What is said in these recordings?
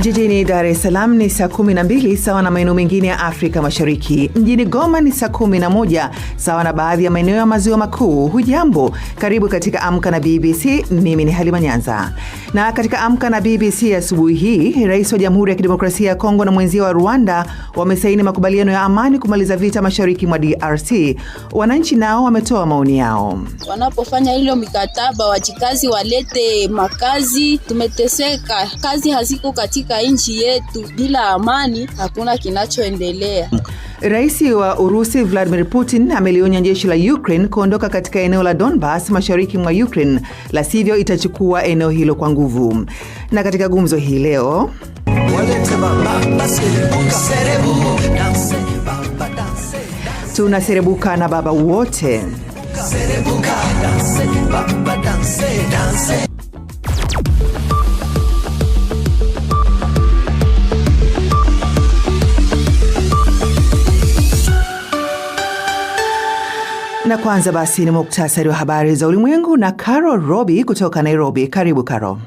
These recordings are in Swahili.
Jijini Dar es Salaam ni saa 12 sawa na maeneo mengine ya Afrika Mashariki. Mjini Goma ni saa 11 sawa na baadhi ya maeneo ya maziwa makuu. Hujambo, karibu katika Amka na BBC. Mimi ni Halima Nyanza, na katika Amka na BBC asubuhi hii, rais wa Jamhuri ya Kidemokrasia ya Kongo na mwenzia wa Rwanda wamesaini makubaliano ya amani kumaliza vita mashariki mwa DRC. Wananchi nao wametoa maoni yao. Wanapofanya hilo mikataba, wajikazi walete makazi, tumeteseka, kazi haziko katika katika nchi yetu. Bila amani hakuna kinachoendelea. Rais wa Urusi Vladimir Putin amelionya jeshi la Ukraine kuondoka katika eneo la Donbas mashariki mwa Ukraine, la sivyo itachukua eneo hilo kwa nguvu. Na katika gumzo hii leo tunaserebuka na baba wote. Serebuka, danse, baba, danse, danse. Na kwanza basi ni muktasari wa habari za ulimwengu na Carol Robi kutoka Nairobi. Karibu Carol.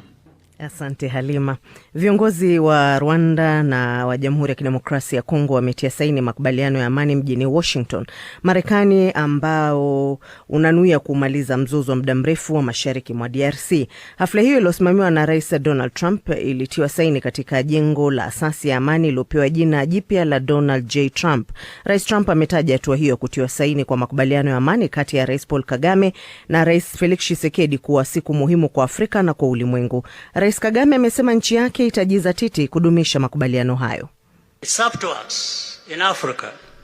Asante Halima. Viongozi wa Rwanda na wa Jamhuri ya Kidemokrasia ya Kongo wametia saini makubaliano ya amani mjini Washington, Marekani, ambao unanuia kumaliza mzozo wa muda mrefu wa mashariki mwa DRC. Hafla hiyo iliyosimamiwa na Rais Donald Trump ilitiwa saini katika jengo la asasi ya amani iliyopewa jina jipya la Donald J. Trump. Rais Trump ametaja hatua hiyo kutiwa saini kwa makubaliano ya amani kati ya Rais Paul Kagame na Rais Felix Tshisekedi kuwa siku muhimu kwa Afrika na kwa ulimwengu. Rais Rais Kagame amesema nchi yake itajizatiti kudumisha makubaliano hayo.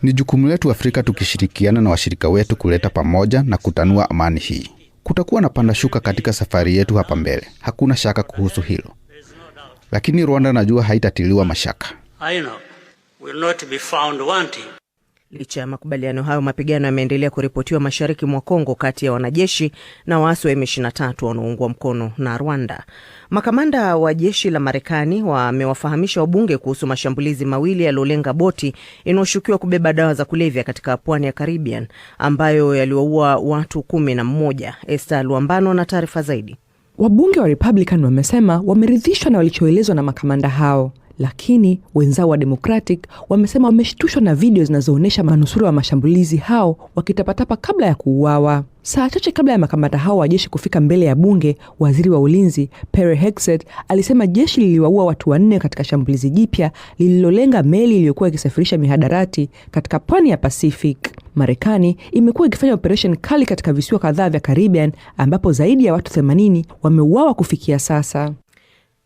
Ni jukumu letu Afrika, tukishirikiana na washirika wetu kuleta pamoja na kutanua amani hii. Kutakuwa na panda shuka katika safari yetu hapa mbele, hakuna shaka kuhusu hilo, lakini Rwanda najua haitatiliwa mashaka. Licha ya makubaliano hayo, mapigano yameendelea kuripotiwa mashariki mwa Kongo kati ya wanajeshi na waasi wa M23 wanaoungwa mkono na Rwanda. Makamanda wa jeshi la Marekani wamewafahamisha wabunge kuhusu mashambulizi mawili yaliyolenga boti inayoshukiwa kubeba dawa za kulevya katika pwani ya Caribbean ambayo yaliwaua watu kumi na mmoja. Esther Luambano na taarifa zaidi. Wabunge wa Republican wamesema wameridhishwa na walichoelezwa na makamanda hao lakini wenzao wa Democratic wamesema wameshtushwa na video zinazoonyesha manusura wa mashambulizi hao wakitapatapa kabla ya kuuawa. Saa chache kabla ya makamanda hao wa jeshi kufika mbele ya bunge, waziri wa ulinzi Pere hexet alisema jeshi liliwaua watu wanne katika shambulizi jipya lililolenga meli iliyokuwa ikisafirisha mihadarati katika pwani ya Pacific. Marekani imekuwa ikifanya operesheni kali katika visiwa kadhaa vya Caribbean ambapo zaidi ya watu 80 wameuawa kufikia sasa.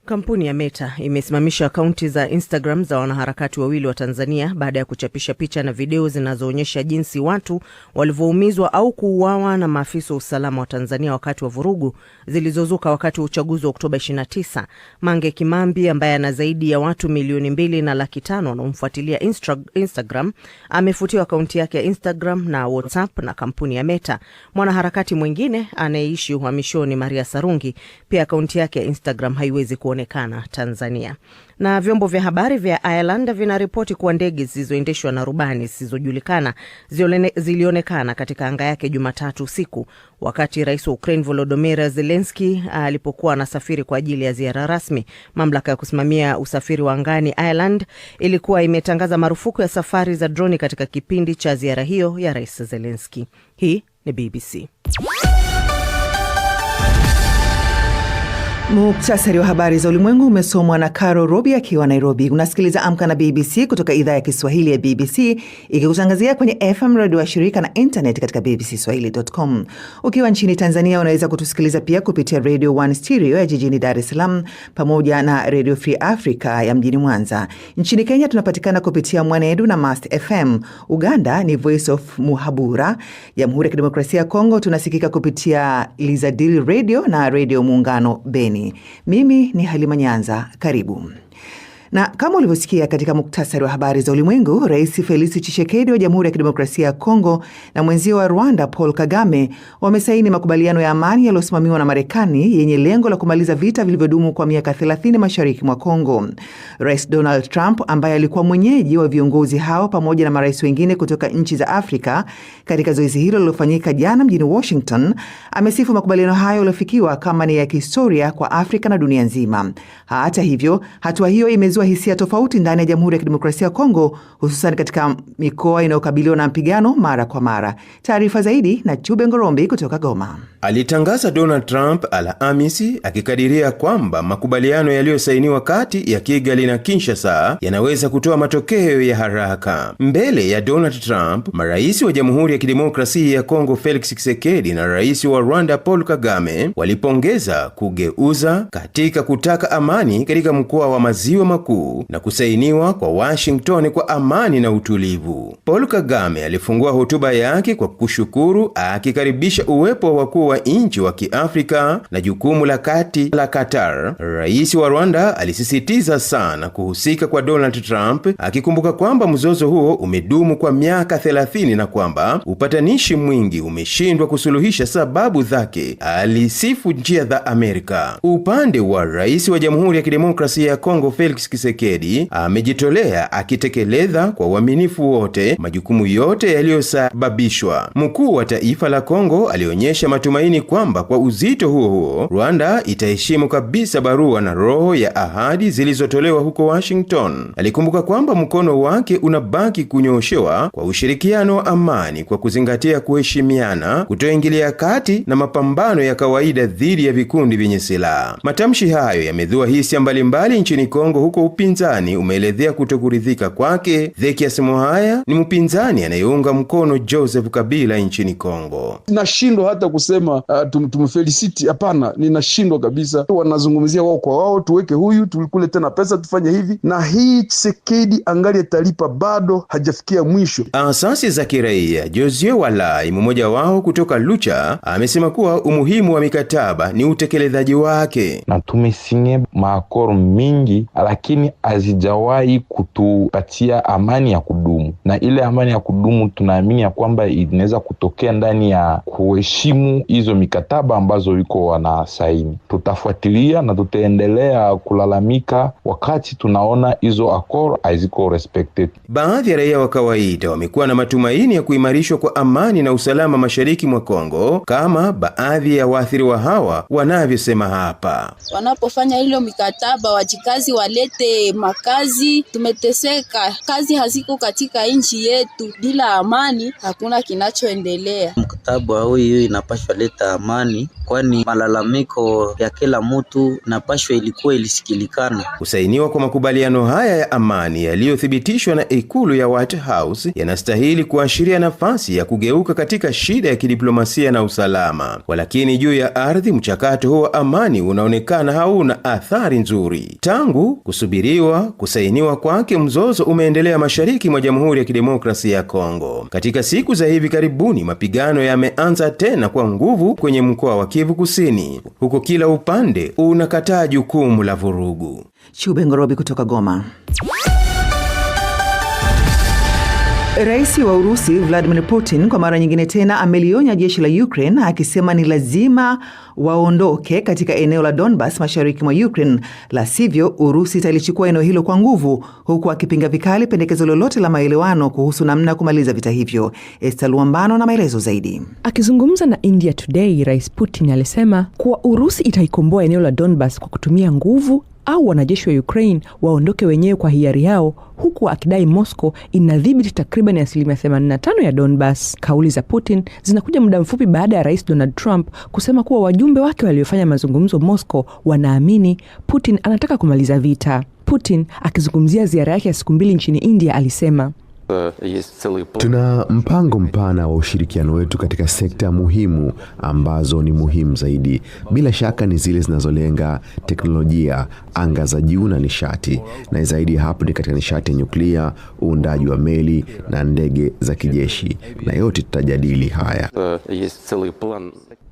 Kampuni ya Meta imesimamisha akaunti za Instagram za wanaharakati wawili wa Tanzania baada ya kuchapisha picha na video zinazoonyesha jinsi watu walivyoumizwa au kuuawa na maafisa wa usalama wa Tanzania wakati wa vurugu zilizozuka wakati wa uchaguzi wa Oktoba 29. Mange Kimambi ambaye ana zaidi ya watu milioni mbili na laki tano wanaomfuatilia Instagram amefutiwa akaunti yake ya Instagram na WhatsApp na kampuni ya Meta. Mwanaharakati mwingine anayeishi uhamishoni Maria Sarungi pia akaunti yake ya Instagram haiwezi kuwa kuonekana Tanzania. Na vyombo vya habari vya Ireland vinaripoti kuwa ndege zilizoendeshwa na rubani zisizojulikana zilionekana katika anga yake Jumatatu usiku wakati rais wa Ukraine Volodymyr Zelensky alipokuwa anasafiri kwa ajili ya ziara rasmi. Mamlaka ya kusimamia usafiri wa angani Ireland ilikuwa imetangaza marufuku ya safari za droni katika kipindi cha ziara hiyo ya rais Zelensky. Hii ni BBC. Muktasari wa habari za ulimwengu umesomwa na Caro Robi akiwa Nairobi. Unasikiliza Amka na BBC kutoka idhaa ya Kiswahili ya BBC ikikutangazia kwenye FM redio wa shirika na internet katika swahili.com. Ukiwa nchini Tanzania unaweza kutusikiliza pia kupitia Radio One Stereo ya jijini Dar es Salaam pamoja na Radio Free Africa ya mjini Mwanza. Nchini Kenya tunapatikana kupitia Mwanedu na Mast FM. Uganda ni Voice of Muhabura. Jamhuri ya Kidemokrasia ya Kongo tunasikika kupitia Lizadil Radio na Radio Muungano Beni. Mimi ni Halima Nyanza, karibu. Na kama ulivyosikia katika muktasari wa habari za ulimwengu, Rais Felisi chishekedi wa Jamhuri ya Kidemokrasia ya Kongo na mwenzio wa Rwanda Paul Kagame wamesaini makubaliano ya amani yaliyosimamiwa na Marekani yenye lengo la kumaliza vita vilivyodumu kwa miaka 30 mashariki mwa Kongo. Rais Donald Trump ambaye alikuwa mwenyeji wa viongozi hao pamoja na marais wengine kutoka nchi za Afrika katika zoezi hilo lililofanyika jana mjini Washington amesifu makubaliano hayo yaliyofikiwa kama ni ya kihistoria kwa Afrika na dunia nzima. Hata hivyo, hatua hiyo imezua wa hisia tofauti ndani ya Jamhuri ya Kidemokrasia ya Kongo, hususan katika mikoa inayokabiliwa na mpigano mara kwa mara. Taarifa zaidi na Chube Ngorombi kutoka Goma alitangaza Donald Trump Alhamisi akikadiria kwamba makubaliano yaliyosainiwa kati ya Kigali na Kinshasa yanaweza kutoa matokeo ya haraka. Mbele ya Donald Trump, marais wa Jamhuri ya Kidemokrasia ya Kongo Felix Tshisekedi na rais wa Rwanda Paul Kagame walipongeza kugeuza katika kutaka amani katika mkoa wa Maziwa Makuu na kusainiwa kwa Washington kwa amani na utulivu. Paul Kagame alifungua hotuba yake kwa kushukuru akikaribisha uwepo wa wakuu wa nchi wa Kiafrika na jukumu la kati la Qatar, rais wa Rwanda alisisitiza sana kuhusika kwa Donald Trump, akikumbuka kwamba mzozo huo umedumu kwa miaka 30 na kwamba upatanishi mwingi umeshindwa kusuluhisha sababu zake. Alisifu njia za Amerika. Upande wa rais wa Jamhuri ya Kidemokrasia ya Kongo Felix Tshisekedi amejitolea akitekeleza kwa uaminifu wote majukumu yote yaliyosababishwa. Mkuu wa taifa la Kongo alionyesha matumaini tumaini kwamba kwa uzito huo huo Rwanda itaheshimu kabisa barua na roho ya ahadi zilizotolewa huko Washington. Alikumbuka kwamba mkono wake unabaki kunyooshewa kwa ushirikiano wa amani kwa kuzingatia kuheshimiana, kutoingilia kati na mapambano ya kawaida dhidi ya vikundi vyenye silaha. Matamshi hayo yamedhua hisia mbalimbali nchini Kongo, huko upinzani umeelezea kutokuridhika kwake. Dhekias Muhaya ni mpinzani anayeunga mkono Joseph Kabila nchini Kongo. Nashindwa hata kusema kusema uh, ah, tum, Hapana, ninashindwa kabisa. Wanazungumzia wao kwa wao, tuweke huyu tukule tena pesa tufanye hivi na hii. Chisekedi angali atalipa, bado hajafikia mwisho. Asasi za kiraia Josie Walai, mmoja wao kutoka Lucha, amesema kuwa umuhimu wa mikataba ni utekelezaji wake. na tumesinye maakoro mingi, lakini hazijawahi kutupatia amani ya kudumu na ile amani ya kudumu tunaamini ya kwamba inaweza kutokea ndani ya kuheshimu hizo mikataba ambazo iko wanasaini. Tutafuatilia na tutaendelea kulalamika wakati tunaona hizo akor haziko respected. Baadhi ya raia wa kawaida wamekuwa na matumaini ya kuimarishwa kwa amani na usalama mashariki mwa Kongo, kama baadhi ya waathiriwa hawa wanavyosema hapa. Wanapofanya hilo mikataba, wajikazi walete makazi, tumeteseka, kazi haziko katika nchi yetu. Bila amani hakuna kinachoendelea mkataba huyu inapashwa leta amani, kwani malalamiko ya kila mtu inapashwa ilikuwa ilisikilikana. Kusainiwa kwa makubaliano haya ya amani yaliyothibitishwa na ikulu ya White House yanastahili kuashiria nafasi ya kugeuka katika shida ya kidiplomasia na usalama, walakini juu ya ardhi mchakato huo wa amani unaonekana hauna athari nzuri. Tangu kusubiriwa kusainiwa kwake, mzozo umeendelea mashariki mwa Jamhuri ya Kidemokrasia ya Kongo. Katika siku za hivi karibuni mapigano ya yameanza tena kwa nguvu kwenye mkoa wa Kivu Kusini, huko kila upande unakataa jukumu la vurugu. Chube Ngorobi kutoka Goma. Rais wa Urusi Vladimir Putin kwa mara nyingine tena amelionya jeshi la Ukraine akisema ni lazima waondoke katika eneo la Donbas mashariki mwa Ukraine, la sivyo Urusi italichukua eneo hilo kwa nguvu, huku akipinga vikali pendekezo lolote la maelewano kuhusu namna ya kumaliza vita hivyo. Esta Luambano na maelezo zaidi. Akizungumza na India Today, Rais Putin alisema kuwa Urusi itaikomboa eneo la Donbas kwa kutumia nguvu au wanajeshi wa Ukraine waondoke wenyewe kwa hiari yao, huku akidai Moscow inadhibiti takriban asilimia 85 ya Donbas. Kauli za Putin zinakuja muda mfupi baada ya Rais Donald Trump kusema kuwa wajumbe wake waliofanya mazungumzo Moscow wanaamini Putin anataka kumaliza vita. Putin akizungumzia ziara yake ya siku mbili nchini India alisema Uh, Tuna mpango mpana wa ushirikiano wetu katika sekta muhimu ambazo ni muhimu zaidi, bila shaka ni zile zinazolenga teknolojia, anga za juu na nishati, na zaidi ya hapo ni katika nishati ya nyuklia, uundaji wa meli na ndege za kijeshi, na yote tutajadili haya. Uh,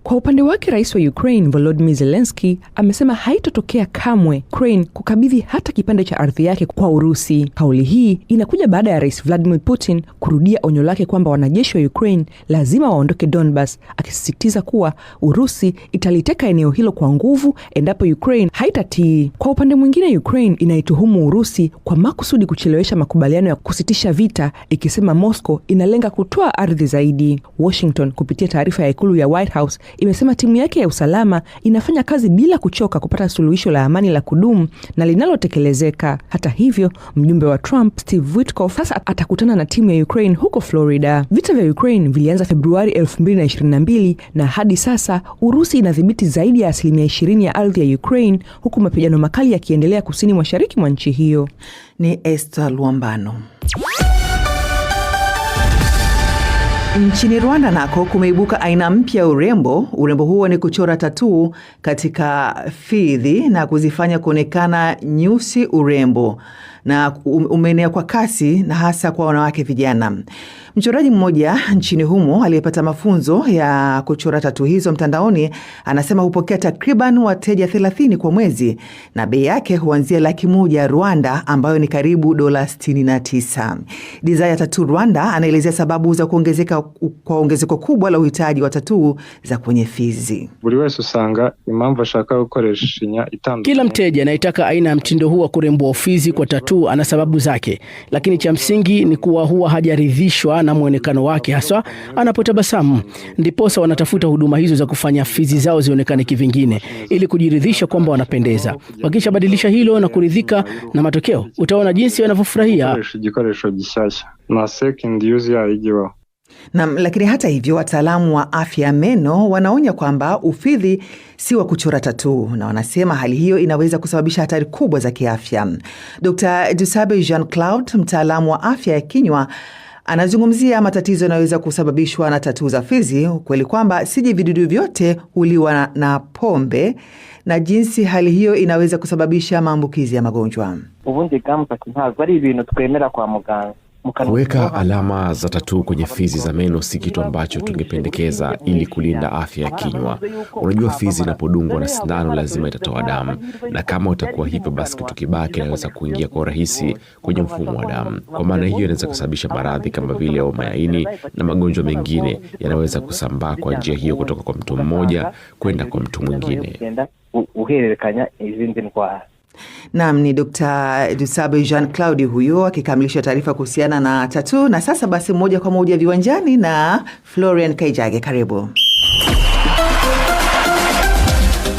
kwa upande wake rais wa Ukraine Volodymyr Zelensky amesema haitotokea kamwe Ukraine kukabidhi hata kipande cha ardhi yake kwa Urusi. Kauli hii inakuja baada ya rais Vladimir Putin kurudia onyo lake kwamba wanajeshi wa Ukraine lazima waondoke Donbas, akisisitiza kuwa Urusi italiteka eneo hilo kwa nguvu endapo Ukraine haitatii. Kwa upande mwingine, Ukraine inaituhumu Urusi kwa makusudi kuchelewesha makubaliano ya kusitisha vita, ikisema Moscow inalenga kutoa ardhi zaidi. Washington kupitia taarifa ya ikulu ya White House imesema timu yake ya usalama inafanya kazi bila kuchoka kupata suluhisho la amani la kudumu na linalotekelezeka. Hata hivyo, mjumbe wa Trump Steve Witkoff sasa atakutana na timu ya Ukraine huko Florida. Vita vya Ukraine vilianza Februari 2022 na hadi sasa Urusi inadhibiti zaidi ya asilimia 20 ya ardhi ya Ukraine, huku mapigano makali yakiendelea kusini mashariki mwa nchi hiyo. Ni Esther Luambano. Nchini Rwanda nako kumeibuka aina mpya ya urembo. Urembo huo ni kuchora tatuu katika fidhi na kuzifanya kuonekana nyusi urembo na um, umeenea kwa kasi na hasa kwa wanawake vijana. Mchoraji mmoja nchini humo aliyepata mafunzo ya kuchora tatu hizo mtandaoni anasema hupokea takriban wateja 30 kwa mwezi na bei yake huanzia laki moja ya Rwanda ambayo ni karibu dola 69. Desire Tattoo Rwanda anaelezea sababu za kuongezeka kwa ongezeko kubwa la uhitaji wa tatuu za kwenye fizi. Kila mteja anayetaka aina ya mtindo huu wa kurembwa ofizi kwa tatuu mtu ana sababu zake, lakini cha msingi ni kuwa huwa hajaridhishwa na mwonekano wake, haswa anapotabasamu. Ndiposa wanatafuta huduma hizo za kufanya fizi zao zionekane kivingine, ili kujiridhisha kwamba wanapendeza. Wakishabadilisha hilo na kuridhika na matokeo, utaona jinsi wanavyofurahia. Nam, lakini hata hivyo wataalamu wa afya ya meno wanaonya kwamba ufidhi si wa kuchora tatuu, na wanasema hali hiyo inaweza kusababisha hatari kubwa za kiafya. Dr. Dusabe Jean Claude, mtaalamu wa afya ya kinywa, anazungumzia matatizo yanayoweza kusababishwa na tatuu za fizi, ukweli kwamba siji vidudu vyote huliwa na, na pombe na jinsi hali hiyo inaweza kusababisha maambukizi ya magonjwa. ubundi gamu ari ibintu twemera kwa muganga Kuweka alama za tatuu kwenye fizi za meno si kitu ambacho tungependekeza ili kulinda afya ya kinywa. Unajua, fizi inapodungwa na sindano lazima itatoa damu, na kama utakuwa hivyo, basi kitu kibaya kinaweza kuingia kwa urahisi kwenye mfumo wa damu. Kwa maana hiyo, inaweza kusababisha maradhi kama vile homa ya ini na magonjwa mengine yanaweza kusambaa kwa njia hiyo, kutoka kwa mtu mmoja kwenda kwa mtu mwingine. Naam, ni Dr. Dusabe Jean Claude huyo akikamilisha taarifa kuhusiana na tatu, na sasa basi moja kwa moja viwanjani na Florian Kaijage, karibu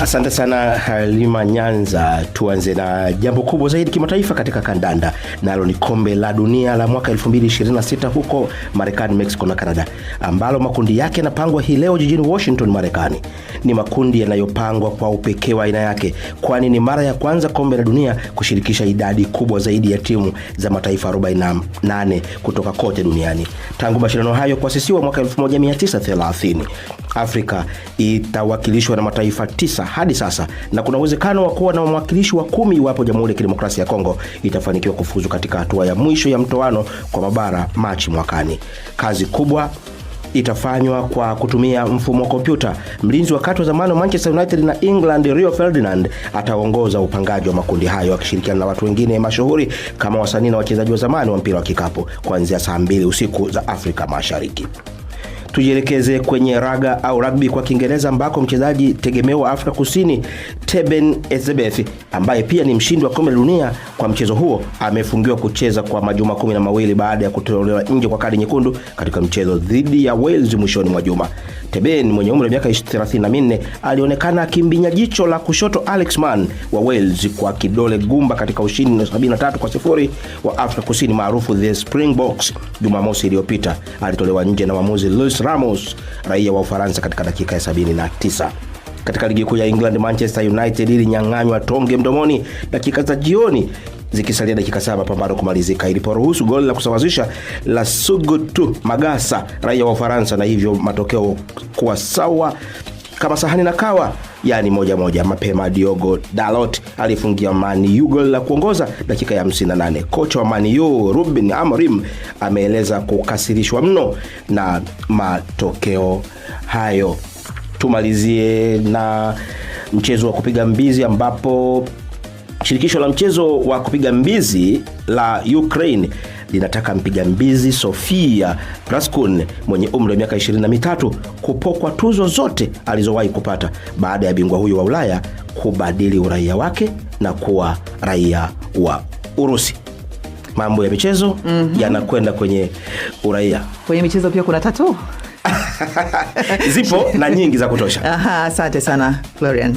Asante sana Halima Nyanza. Tuanze na jambo kubwa zaidi kimataifa katika kandanda, nalo ni kombe la dunia la mwaka 2026 huko Marekani, Mexico na Canada, ambalo makundi yake yanapangwa hii leo jijini Washington, Marekani. Ni makundi yanayopangwa kwa upekee wa aina yake, kwani ni mara ya kwanza kombe la dunia kushirikisha idadi kubwa zaidi ya timu za mataifa 48 kutoka kote duniani. Tangu mashindano hayo kuasisiwa mwaka 1930, Afrika itawakilishwa na mataifa tisa hadi sasa na kuna uwezekano wa kuwa na mwakilishi wa kumi iwapo Jamhuri ya Kidemokrasia ya Kongo itafanikiwa kufuzu katika hatua ya mwisho ya mtoano kwa mabara Machi mwakani. Kazi kubwa itafanywa kwa kutumia mfumo wa kompyuta. Mlinzi wa kati wa zamani wa Manchester United na England Rio Ferdinand ataongoza upangaji wa makundi hayo akishirikiana na watu wengine mashuhuri kama wasanii na wachezaji wa zamani wa mpira wa kikapu kuanzia saa mbili usiku za Afrika Mashariki. Tujielekeze kwenye raga au rugby kwa Kiingereza, ambako mchezaji tegemeo wa Afrika Kusini Teben ezebeth ambaye pia ni mshindi wa kombe la dunia kwa mchezo huo amefungiwa kucheza kwa majuma kumi na mawili baada ya kutolewa nje kwa kadi nyekundu katika mchezo dhidi ya Wales mwishoni mwa juma. Teben mwenye umri wa miaka 34 alionekana akimbinya jicho la kushoto Alex Mann wa Wales kwa kidole gumba katika ushindi na 73 kwa sifuri wa Afrika Kusini maarufu the Springboks Jumamosi iliyopita. Alitolewa nje na mwamuzi Luis Ramos raia wa Ufaransa katika dakika ya 79. Katika ligi kuu ya England, Manchester United ilinyang'anywa tonge mdomoni dakika za jioni zikisalia dakika saba pambano kumalizika, iliporuhusu goli la kusawazisha la Sugutu Magasa, raia wa Ufaransa, na hivyo matokeo kuwa sawa kama sahani na kawa yani moja moja. Mapema Diogo Dalot alifungia maniu U goli la kuongoza dakika ya 58. Kocha wa maniu rubin amrim ameeleza kukasirishwa mno na matokeo hayo. Tumalizie na mchezo wa kupiga mbizi ambapo Shirikisho la mchezo wa kupiga mbizi la Ukraine linataka mpiga mbizi Sofia Praskun mwenye umri wa miaka 23 kupokwa tuzo zote alizowahi kupata baada ya bingwa huyo wa Ulaya kubadili uraia wake na kuwa raia wa Urusi. Mambo ya michezo mm -hmm. yanakwenda kwenye uraia. Kwenye michezo pia kuna tatu zipo na nyingi za kutosha. asante sana Florian.